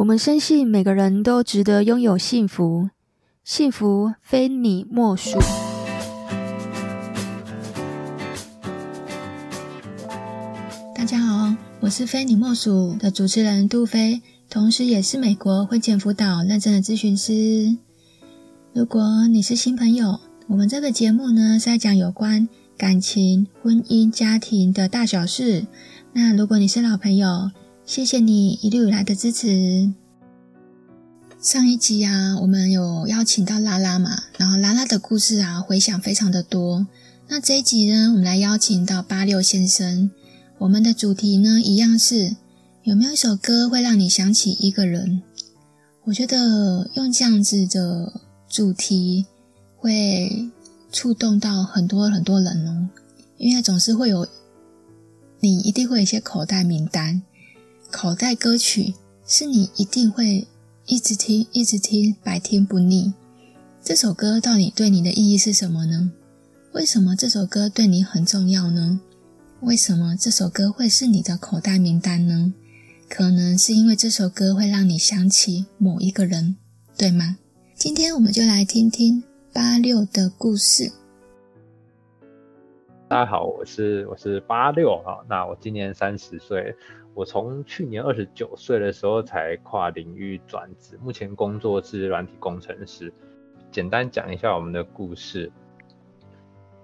我們深信，每個人都值得擁有幸福，幸福非你莫屬。大家好，我是菲妳莫屬的主持人杜菲，同時也是美國婚前輔導認證的諮詢師。如果你是新朋友，我們這個節目呢，是在講有關感情、婚姻、家庭的大小事。那如果你是老朋友，謝謝你一路以來的支持。上一集啊，我們有邀請到拉拉嘛，然後拉拉的故事啊，回想非常的多。那這一集呢，我們來邀請到八六先生。我們的主題呢，一樣是有沒有一首歌會讓你想起一個人？我覺得用這樣子的主題會觸動到很多很多人哦，因為總是會有，你一定會有一些口袋名單。口袋歌曲是你一定會一直聽、一直聽、百聽不膩。這首歌到底對你的意義是什麼呢？為什麼這首歌對你很重要呢？為什麼這首歌會是你的口袋名單呢？可能是因為這首歌會讓你想起某一個人，對嗎？今天我們就來聽聽八六的故事。大家好，我是我是八六啊，那我今年三十歲。我從去年二十九歲的時候才跨領域轉職，目前工作是軟體工程師。簡單講一下我們的故事。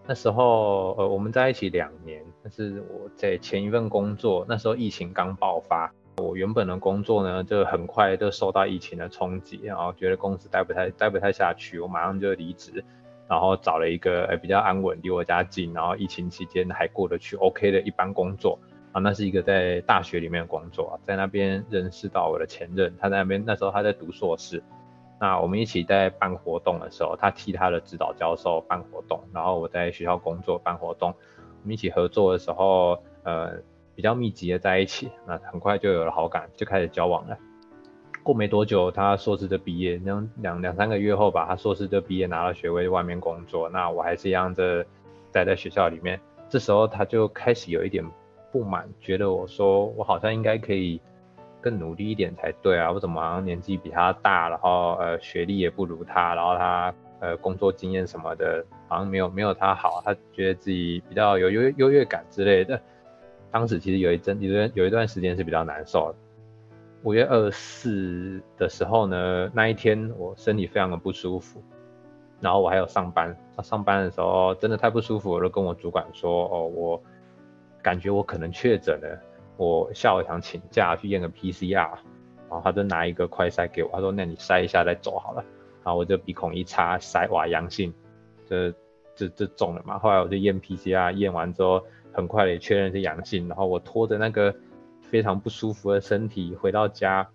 那時候，呃，我們在一起兩年，但是我在前一份工作那時候疫情剛爆發，我原本的工作呢就很快就受到疫情的衝擊，然後覺得公司待不太待不太下去，我馬上就離職，然後找了一個呃、哎、比較安穩、離我家近，然後疫情期間還過得去 OK 的一般工作。啊，那是一個在大學裡面工作啊，在那邊認識到我的前任，他在那邊那時候他在讀碩士，那我們一起在辦活動的時候，他替他的指導教授辦活動，然後我在學校工作辦活動，我們一起合作的時候，呃，比較密集的在一起，那很快就有了好感，就開始交往了。過沒多久，他碩士就畢業，兩兩兩三個月後吧，他碩士就畢業拿到學位，外面工作，那我還是一樣的待在學校裡面，這時候他就開始有一點。不滿，覺得我說我好像應該可以更努力一點才對啊，我怎麼好像年紀比他大，然後呃學歷也不如他，然後他呃工作經驗什麼的，好像沒有沒有他好，他覺得自己比較有優優越感之類的。當時其實有一陣，其實有一段時間是比較難受的。五月二十四的時候呢，那一天我身體非常的不舒服，然後我還有上班，上班的時候真的太不舒服，我就跟我主管說哦我。感覺我可能確診了，我下午想請假去驗個 PCR，然後他就拿一個快篩給我，他說：“那你篩一下再走好了。”然後我就鼻孔一插，篩哇陽性，這這這中了嘛。後來我就驗 PCR，驗完之後很快也確認是陽性。然後我拖着那個非常不舒服的身體回到家，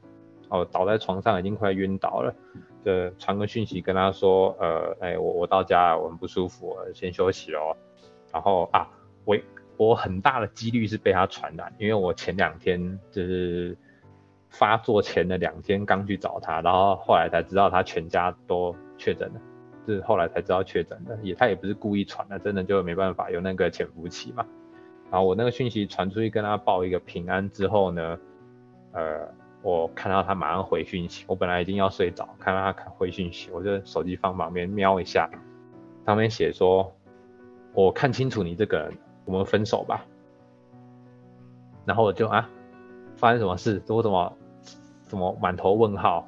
哦，倒在床上已經快暈倒了，就傳個訊息跟他說：“呃，哎，我我到家了，我很不舒服，我先休息哦。”然後啊，喂。我很大的幾率是被他傳染，因為我前兩天就是發作前的兩天剛去找他，然後後來才知道他全家都確診了，就是後來才知道確診的，也他也不是故意傳的，真的就沒辦法，有那個潛伏期嘛。然後我那個訊息傳出去跟他報一個平安之後呢，呃，我看到他馬上回訊息，我本來已經要睡着，看到他回訊息，我就手機放旁邊瞄一下，上面寫說，我看清楚你這個人。我們分手吧，然後我就啊，發生什麼事，我怎麼，怎麼滿頭問號？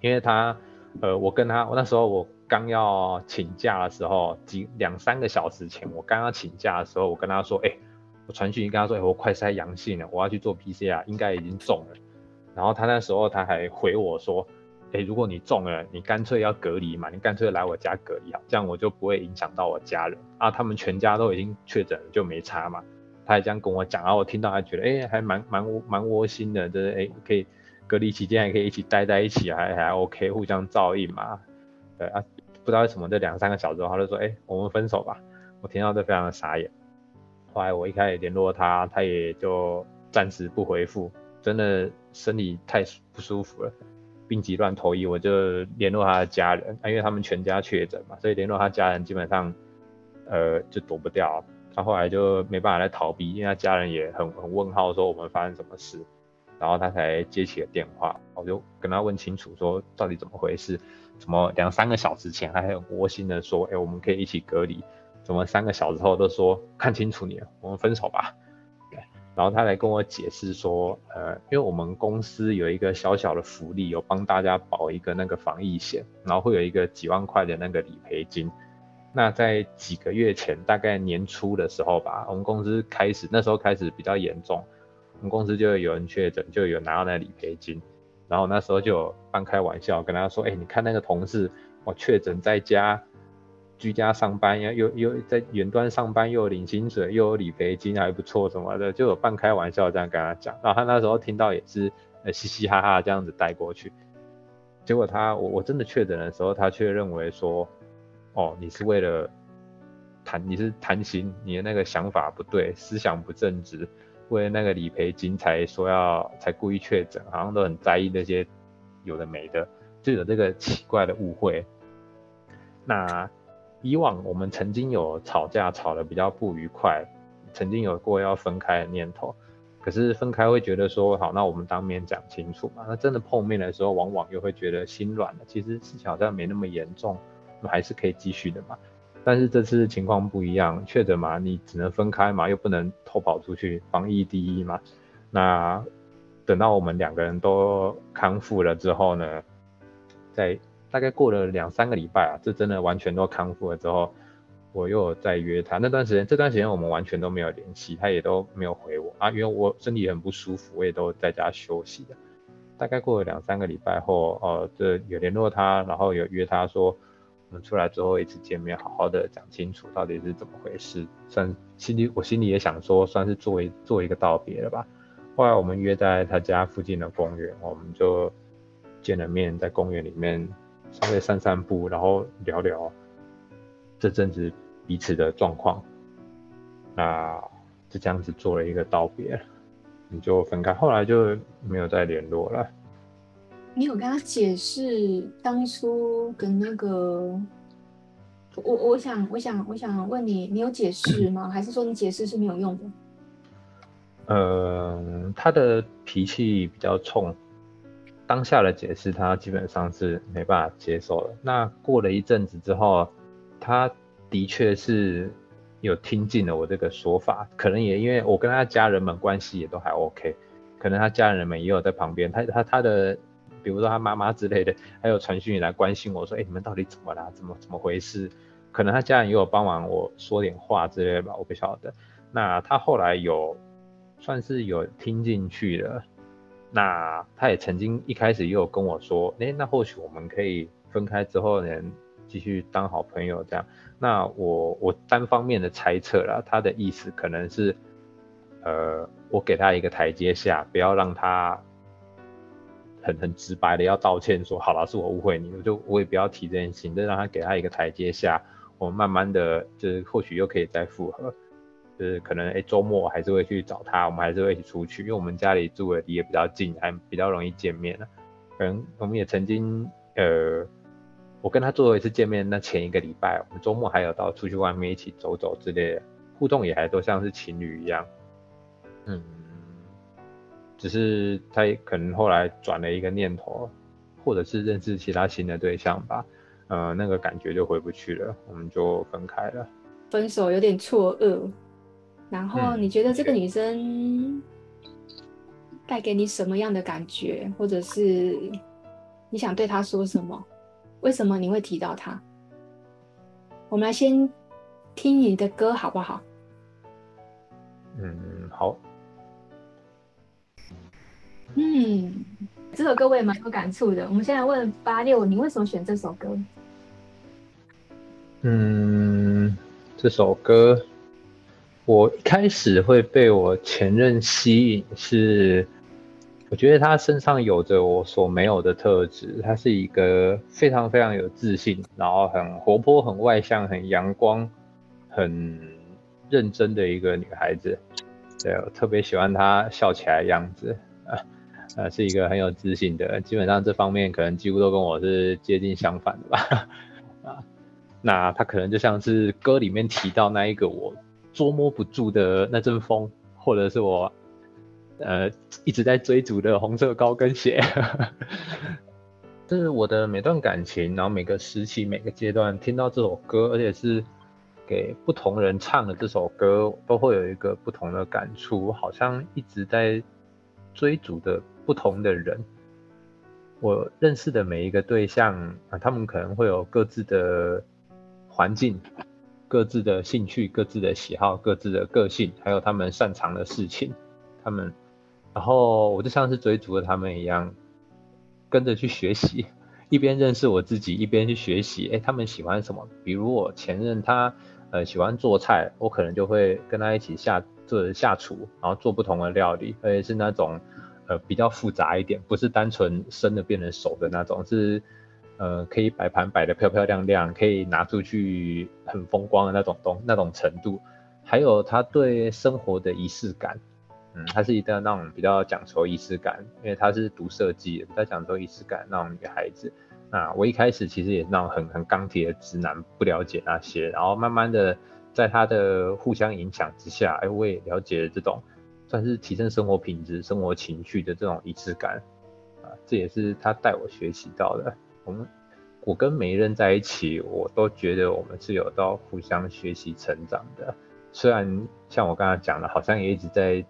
因為他，呃，我跟他，我那時候我剛要請假的時候，幾兩三個小時前，我剛要請假的時候，我跟他說，哎、欸，我傳訊息跟他說，哎、欸，我快篩陽性了，我要去做 PCR，應該已經中了。然後他那時候他還回我說。哎、欸，如果你中了，你乾脆要隔離嘛，你乾脆來我家隔離，這樣我就不會影響到我家人啊。他們全家都已經確診，就沒差嘛。他也這樣跟我講啊，我聽到他覺得，哎、欸，還蠻蠻窩蠻窩心的，就是哎、欸、可以隔離期間還可以一起待在一起，還還 OK，互相照應嘛。對啊，不知道為什麼這兩三個小時後他就說，哎、欸，我們分手吧。我聽到這非常的傻眼。後來我一開始聯絡他，他也就暫時不回復，真的身體太不舒服了。病急亂投醫，我就聯絡他的家人，啊，因為他們全家確診嘛，所以聯絡他家人基本上，呃，就躲不掉。他、啊、後來就沒辦法再逃避，因為他家人也很很問號，說我們發生什麼事，然後他才接起了電話。我就跟他問清楚說，到底怎麼回事？怎麼兩三個小時前他還很窩心的說，哎、欸，我們可以一起隔離，怎麼三個小時後都說看清楚你了，我們分手吧？然後他來跟我解釋說，呃，因為我們公司有一個小小的福利，有幫大家保一個那個防疫險，然後會有一個幾萬塊的那個理賠金。那在幾個月前，大概年初的時候吧，我們公司開始那時候開始比較嚴重，我們公司就有人確診，就有拿到那個理賠金。然後那時候就有半開玩笑跟他說，哎、欸，你看那個同事，我確診在家，居家上班，又又在遠端上班，又有領薪水，又有理賠金，還不錯什麼的，就有半開玩笑這樣跟他講，然後他那時候聽到也是，嘻嘻哈哈這樣子帶過去。結果他我我真的確診的時候，他卻認為說，哦，你是為了談你是談心你的那個想法不對，思想不正直，為了那個理賠金才說要才故意確診，好像都很在意那些有的沒的，就有這個奇怪的誤會。那。以往我們曾經有吵架，吵得比較不愉快，曾經有過要分開的念頭，可是分開會覺得說好，那我們當面講清楚嘛。那真的碰面的時候，往往又會覺得心軟了。其實事情好像沒那麼嚴重，那還是可以繼續的嘛。但是這次情況不一樣，確診嘛，你只能分開嘛，又不能偷跑出去，防疫第一嘛。那等到我們兩個人都康復了之後呢，再。大概過了兩三個禮拜啊，這真的完全都康復了之後，我又有再約他。那段時間，這段時間我們完全都沒有聯繫，他也都沒有回我啊，因為我身體也很不舒服，我也都在家休息的。大概過了兩三個禮拜後，哦、呃，就有聯絡他，然後有約他說，我們出來最後一次見面，好好的講清楚到底是怎麼回事。算心裡，我心裡也想說，算是做一做一個道別了吧。後來我們約在他家附近的公園，我們就見了面，在公園裡面。稍微散散步，然後聊聊這陣子彼此的狀況，那就這樣子做了一個道別，你就分開，後來就沒有再聯絡了。你有跟他解釋當初跟那個我，我想，我想，我想問你，你有解釋嗎？ 還是說你解釋是沒有用的？呃，他的脾氣比較衝。當下的解釋，他基本上是沒辦法接受的，那過了一陣子之後，他的確是有聽進了我這個說法。可能也因為我跟他家人們關係也都還 OK，可能他家人們也有在旁邊，他他他的，比如說他媽媽之類的，還有傳訊也來關心我說：“哎、欸，你們到底怎麼啦？怎麼怎麼回事？”可能他家人也有幫忙我說點話之類的吧，我不曉得。那他後來有算是有聽進去了。那他也曾經一開始也有跟我說，誒、欸，那或許我們可以分開之後呢，繼續當好朋友這樣。那我我單方面的猜測了，他的意思可能是，呃，我給他一個台階下，不要讓他很很直白的要道歉說，好了，是我誤會你，我就我也不要提這件事情，就讓他給他一個台階下，我們慢慢的就是或許又可以再復合。就是可能哎，週末還是會去找他，我們還是會一起出去，因為我們家裡住的也比較近，還比較容易見面了，啊。可能我們也曾經，呃，我跟他最後一次見面，那前一個禮拜，我們週末還有到出去外面一起走走之類的互動，也還都像是情侶一樣。嗯，只是他也可能後來轉了一個念頭，或者是認識其他新的對象吧，呃，那個感覺就回不去了，我們就分開了。分手有點錯愕。然後你覺得這個女生帶給你什麼樣的感覺，或者是你想對她說什麼？為什麼你會提到她？我們來先聽你的歌好不好？嗯，好。嗯，這首歌我也蠻有感觸的。我們現在問八六，你為什麼選這首歌？嗯，這首歌。我一開始會被我前任吸引，是我覺得她身上有着我所沒有的特質。她是一個非常非常有自信，然後很活潑、很外向、很陽光、很認真的一個女孩子。對，我特別喜歡她笑起來的樣子啊，呃，啊，是一個很有自信的。基本上這方面可能幾乎都跟我是接近相反的吧。啊，那她可能就像是歌裡面提到那一個我。捉摸不住的那陣風，或者是我，呃，一直在追逐的紅色高跟鞋。這 是我的每段感情，然後每個時期、每個階段聽到這首歌，而且是給不同人唱的這首歌，都會有一個不同的感觸。好像一直在追逐的不同的人，我認識的每一個對象啊、呃，他們可能會有各自的環境。各自的興趣、各自的喜好、各自的個性，還有他們擅長的事情，他們，然後我就像是追逐了他們一樣，跟着去學習，一邊認識我自己，一邊去學習。哎、欸，他們喜歡什麼？比如我前任他，呃，喜歡做菜，我可能就會跟他一起下做下廚，然後做不同的料理，而且是那種，呃，比較複雜一點，不是單純生的變成熟的那種，是。呃，可以擺盤擺得漂漂亮亮，可以拿出去很風光的那種東那種程度，還有他對生活的儀式感，嗯，他是一個那種比較講求儀式感，因為他是讀設計的，比較講究儀式感那種女孩子。啊，我一開始其實也是那種很很鋼鐵的直男，不了解那些，然後慢慢的在他的互相影響之下，哎、欸，我也了解了這種算是提升生活品質、生活情趣的這種儀式感啊，這也是他帶我學習到的。我們我跟每一任在一起，我都覺得我們是有到互相學習成長的。雖然像我剛才講的，好像也一直在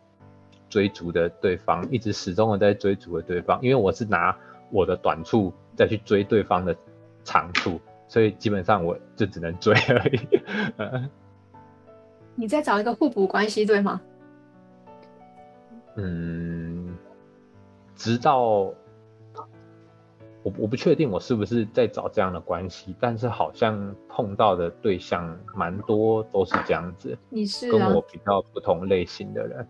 追逐的對方，一直始終的在追逐的對方，因為我是拿我的短處再去追對方的長處，所以基本上我就只能追而已。 你在找一個互補關係，對嗎？嗯，直到。我我不確定我是不是在找這樣的關係，但是好像碰到的對象蠻多都是這樣子。啊、你是、啊、跟我比較不同類型的人，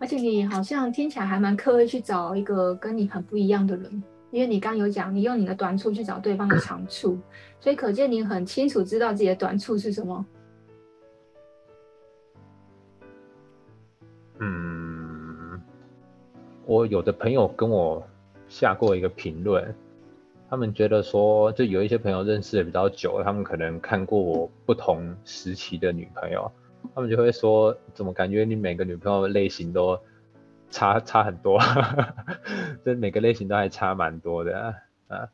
而且你好像聽起來還蠻刻意去找一個跟你很不一樣的人，因為你剛有講，你用你的短處去找對方的長處， 所以可見你很清楚知道自己的短處是什麼？嗯，我有的朋友跟我下過一個評論。他們覺得說，就有一些朋友認識的比較久，他們可能看過我不同時期的女朋友，他們就會說，怎麼感覺你每個女朋友類型都差差很多啊？這 每個類型都還差蠻多的啊，啊，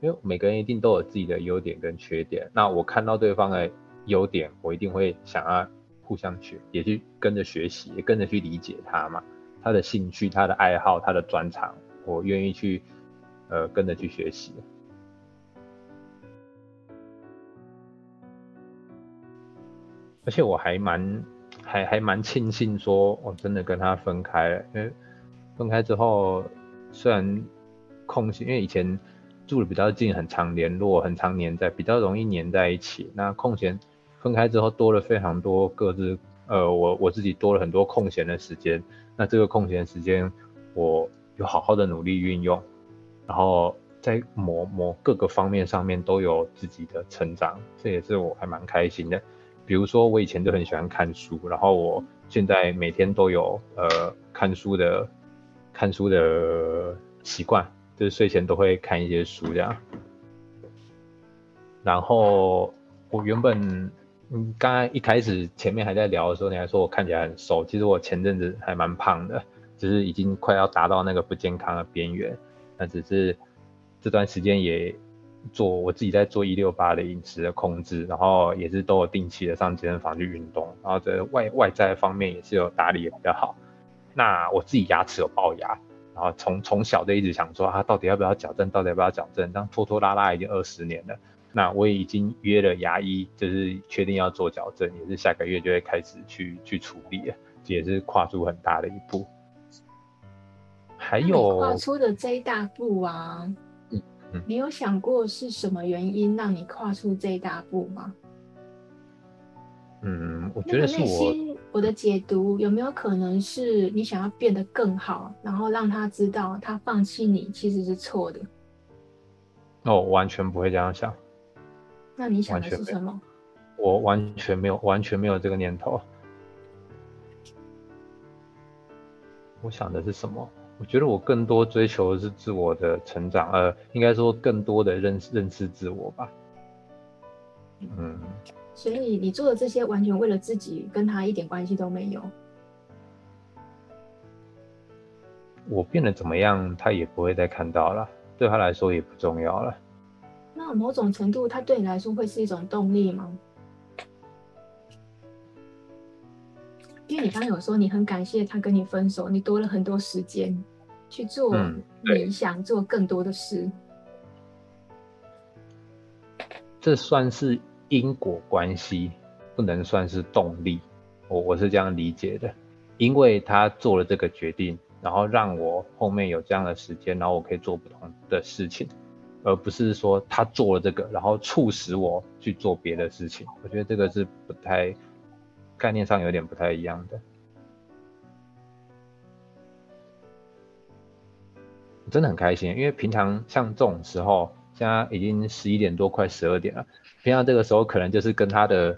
因為每個人一定都有自己的優點跟缺點。那我看到對方的優點，我一定會想要互相學，也去跟着學習，也跟着去理解他嘛。他的興趣、他的愛好、他的專長，我願意去。呃，跟着去學習，而且我還蠻，還還蠻慶幸說，我真的跟他分開了。因為分開之後，雖然空閒，因為以前住的比較近，很常聯絡，很常黏在，比較容易黏在一起。那空閒分開之後，多了非常多各自，呃，我我自己多了很多空閒的時間。那這個空閒時間，我就好好的努力運用。然後在某某各個方面上面都有自己的成長，這也是我還蠻開心的。比如說，我以前就很喜歡看書，然後我現在每天都有呃看書的看書的習慣，就是睡前都會看一些書這樣。然後我原本嗯，剛才一開始前面還在聊的時候，你還說我看起來很瘦，其實我前陣子還蠻胖的，只、就是已經快要達到那個不健康的邊緣。只是這段時間也做我自己在做一六八的飲食的控制，然後也是都有定期的上健身房去運動，然後在外外在方面也是有打理也比較好。那我自己牙齒有齙牙，然後從從小就一直想說啊，到底要不要矯正，到底要不要矯正，這樣拖拖拉拉，拉已經二十年了。那我也已經約了牙醫，就是確定要做矯正，也是下個月就會開始去去處理，也是跨出很大的一步。還有你跨出的這一大步啊，你、嗯嗯、有想過是什麼原因讓你跨出這一大步嗎？嗯，我覺得是我，內心，我的解讀有沒有可能是你想要變得更好，然後讓他知道他放棄你其實是錯的。那、哦、我完全不會這樣想。那你想的是什麼？完、我完全沒有，完全沒有這個念頭。我想的是什麼？我覺得我更多追求的是自我的成長，呃，應該說更多的認識認識自我吧。嗯。所以你做的這些完全為了自己，跟他一點關係都沒有。我變得怎麼樣，他也不會再看到了，對他來說也不重要了。那某種程度，他對你來說會是一種動力嗎？因為你剛剛有說你很感謝他跟你分手，你多了很多時間。去做你想、嗯、做更多的事，這算是因果關係，不能算是動力。我我是這樣理解的，因為他做了這個決定，然後讓我後面有這樣的時間，然後我可以做不同的事情，而不是說他做了這個，然後促使我去做別的事情。我覺得這個是不太，概念上有點不太一樣的。真的很開心，因為平常像這種時候，現在已經十一點多，快十二點了。平常這個時候可能就是跟他的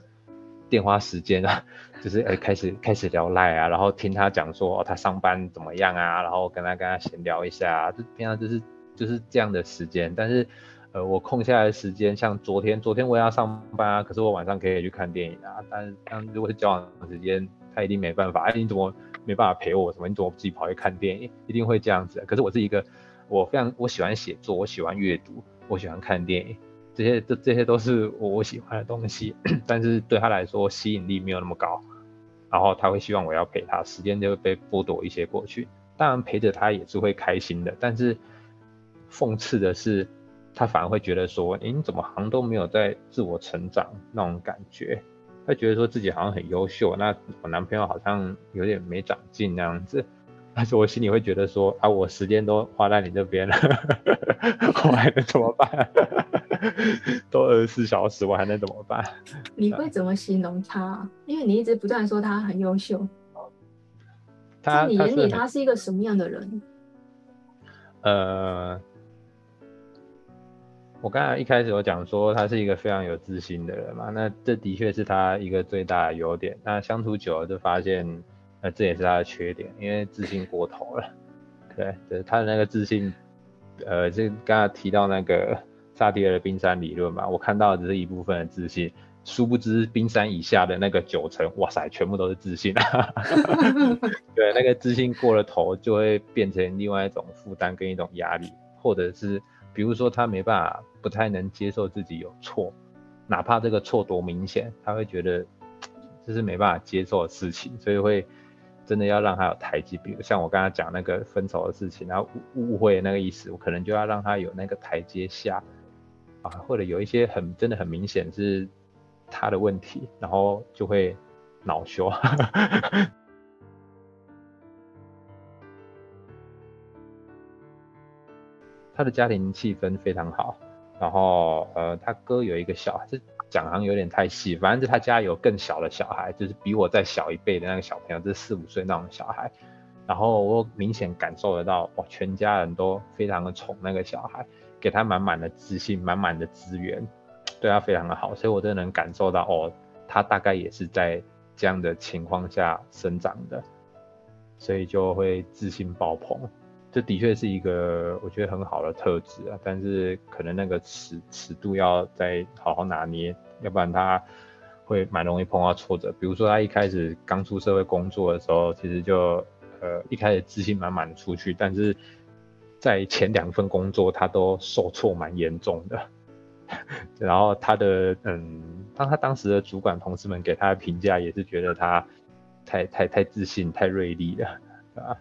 電話時間啊，就是哎開始開始聊 Line 啊，然後聽他講說哦他上班怎麼樣啊，然後跟他跟他閒聊一下，就平常就是就是這樣的時間。但是，呃，我空下來的時間，像昨天昨天我也要上班啊，可是我晚上可以去看電影啊。但但如果是交往時間，他一定沒辦法。哎，你怎麼？沒辦法陪我什麼？你總自己跑去看電影？一定會這樣子的。可是我是一個，我非常我喜歡寫作，我喜歡閱讀，我喜歡看電影，這些這這些都是我我喜歡的東西。但是對他來說吸引力沒有那麼高，然後他會希望我要陪他，時間就會被剝奪一些過去。當然陪着他也是會開心的，但是諷刺的是，他反而會覺得說，欸，你怎麼好像都沒有在自我成長那種感覺。他覺得說自己好像很優秀，那我男朋友好像有點沒長進那樣子，但是我心裡會覺得說啊，我時間都花在你這邊了， 我還能怎麼辦？都二十四小時，我還能怎麼辦？你會怎麼形容他啊？因為你一直不斷說他很優秀，他你眼裡他是一個什麼樣的人？呃。我剛才一開始有講說他是一個非常有自信的人嘛，那這的確是他一個最大的優點。那相處久了就發現，呃，這也是他的缺點，因為自信過頭了。對，就是他的那個自信，呃，就剛才提到那個薩提爾的冰山理論嘛，我看到的只是一部分的自信，殊不知冰山以下的那個九成，哇塞，全部都是自信啊。 對，那個自信過了頭就會變成另外一種負擔跟一種壓力，或者是比如說他沒辦法。不太能接受自己有錯，哪怕這個錯多明顯，他會覺得這是沒辦法接受的事情，所以會真的要讓他有台階。比如像我剛才講那個分手的事情，然後誤誤會那個意思，我可能就要讓他有那個台階下啊，或者有一些很真的很明顯是他的問題，然後就會惱羞。 他的家庭氣氛非常好。然後，呃，他哥有一個小孩，這講好像有點太細，反正是他家有更小的小孩，就是比我再小一輩的那個小朋友，這、就是四五歲那種小孩。然後我明顯感受得到，哦，全家人都非常的寵那個小孩，給他滿滿的自信，滿滿的資源，對他非常的好，所以我真的能感受到，哦，他大概也是在這樣的情況下生長的，所以就會自信爆棚。這的確是一個我覺得很好的特質啊，但是可能那個尺尺度要再好好拿捏，要不然他會蠻容易碰到挫折。比如說他一開始剛出社會工作的時候，其實就呃一開始自信滿滿的出去，但是在前兩份工作他都受挫蠻嚴重的，然後他的嗯，當他當時的主管同事們給他的評價也是覺得他太太太自信、太銳利了，啊。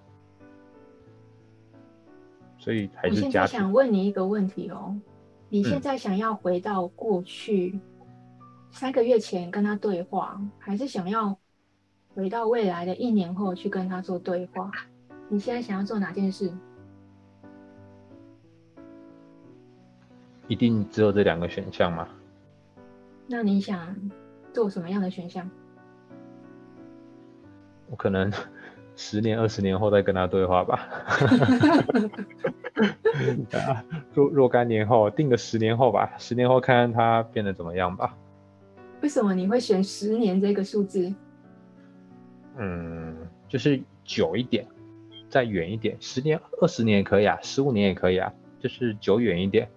所以還是，我現在想問你一個問題哦、喔，你現在想要回到過去、嗯、三個月前跟他對話，還是想要回到未來的一年後去跟他做對話？你現在想要做哪件事？一定只有這兩個選項嗎？那你想做什麼樣的選項？我可能。十年、二十年後再跟他對話吧、 啊。若若干年後，定個十年後吧。十年後看看他變得怎麼樣吧。為什麼你會選十年這個數字？嗯，就是久一點，再遠一點。十年、二十年也可以啊，十五年也可以啊，就是久遠一點。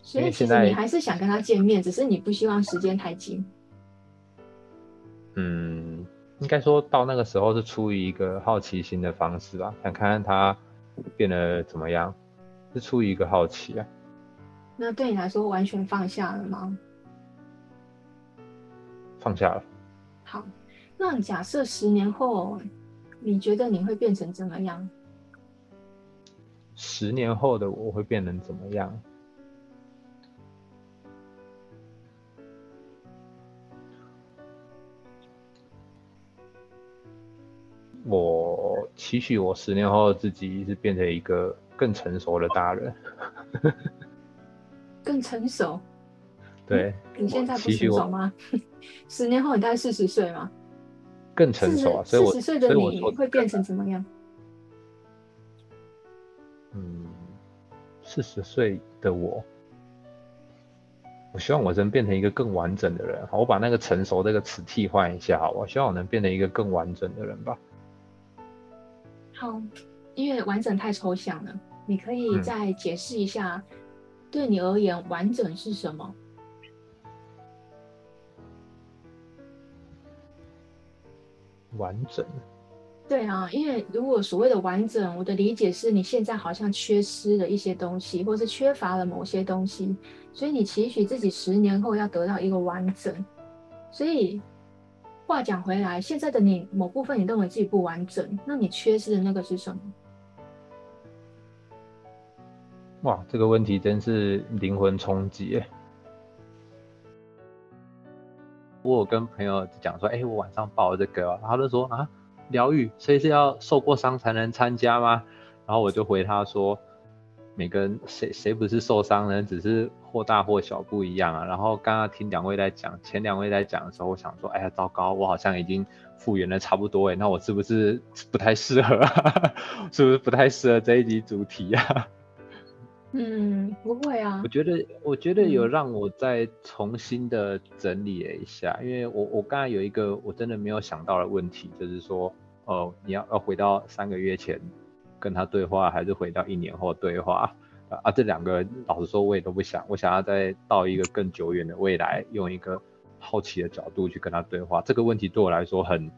所以其實你還是想跟他見面，只是你不希望時間太近。嗯。應該說到那個時候是出於一個好奇心的方式吧，想看看他變得怎麼樣，是出於一個好奇啊。那對你來說完全放下了嗎？放下了。好，那假設十年後，你覺得你會變成怎麼樣？十年後的我會變成怎麼樣？我期許我十年後自己是變成一個更成熟的大人，更成熟。 對你，你現在不成熟嗎？ 十年後你大概四十歲嗎？更成熟啊，十所以四十歲的你會變成怎麼樣？嗯，四十歲的我，我希望我能變成一個更完整的人。好，我把那個“成熟”這個詞替換一下。好，我希望我能變成一個更完整的人吧。嗯，因為完整太抽象了，你可以再解釋一下，對你而言完整是什麼？完整？對啊，因為如果所謂的完整，我的理解是你現在好像缺失了一些東西，或是缺乏了某些東西，所以你期許自己十年後要得到一個完整，所以。話講回來，現在的你某部分你認為自己不完整，那你缺失的那個是什麼？哇，這個問題真是靈魂衝擊耶！我有跟朋友講說，哎、欸，我晚上報了這個，然後，他就說，啊，療癒、啊，所以是要受過傷才能參加嗎？然後我就回他說，每個人誰誰不是受傷呢？只是或大或小不一樣啊。然後剛剛聽兩位在講，前兩位在講的時候，我想說，哎呀，糟糕，我好像已經復原了差不多，欸，哎，那我是不是不太適合，啊？ 是不是不太適合這一集主題啊？嗯，不會啊。我覺得我覺得有讓我再重新的整理了一下，嗯、因為我我剛剛有一個我真的沒有想到的問題，就是說，哦、呃，你要要回到三個月前，跟他對話，還是回到一年後對話啊？這兩個老實說我也都不想。我想要再到一個更久遠的未來，用一個好奇的角度去跟他對話。這個問題對我來說很，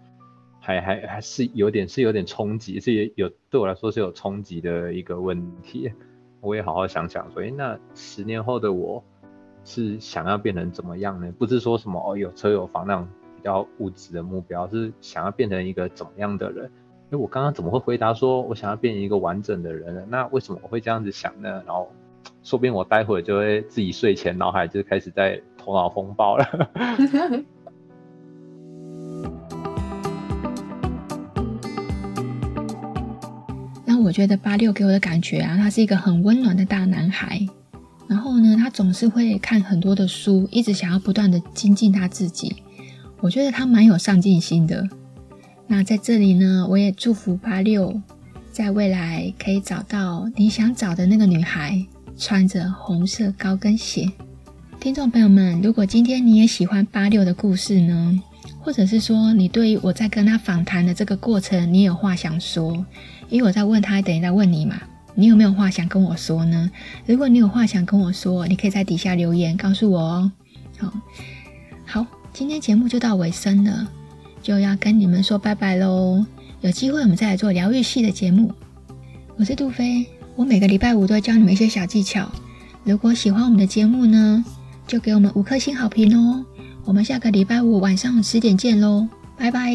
還還還是有點是有點衝擊，是也有對我來說是有衝擊的一個問題。我也好好想想，所以那十年後的我是想要變成怎麼樣呢？不是說什麼哦有車有房那種比較物質的目標，是想要變成一個怎麼樣的人？哎，欸、我剛剛怎麼會回答說我想要變成一個完整的人呢？那為什麼我會這樣子想呢？然後，說不定我待會兒就會自己睡前腦海就開始在頭腦風暴了。那我覺得86給我的感覺啊，他是一個很溫暖的大男孩。然後呢，他總是會看很多的書，一直想要不斷的精進他自己。我覺得他蠻有上進心的。那在這裡呢，我也祝福86，在未來可以找到你想找的那個女孩，穿着紅色高跟鞋。聽眾朋友們，如果今天你也喜歡86的故事呢，或者是說你對於我在跟他訪談的這個過程，你有話想說，因為我在問他，等於在問你嘛，你有沒有話想跟我說呢？如果你有話想跟我說，你可以在底下留言告訴我哦。好，好，今天節目就到尾聲了。就要跟你們說拜拜嘍！有機會我們再來做療癒系的節目。我是杜菲，我每個禮拜五都會教你們一些小技巧。如果喜歡我們的節目呢，就給我們五顆星好評哦！我們下個禮拜五晚上十點見嘍，拜拜。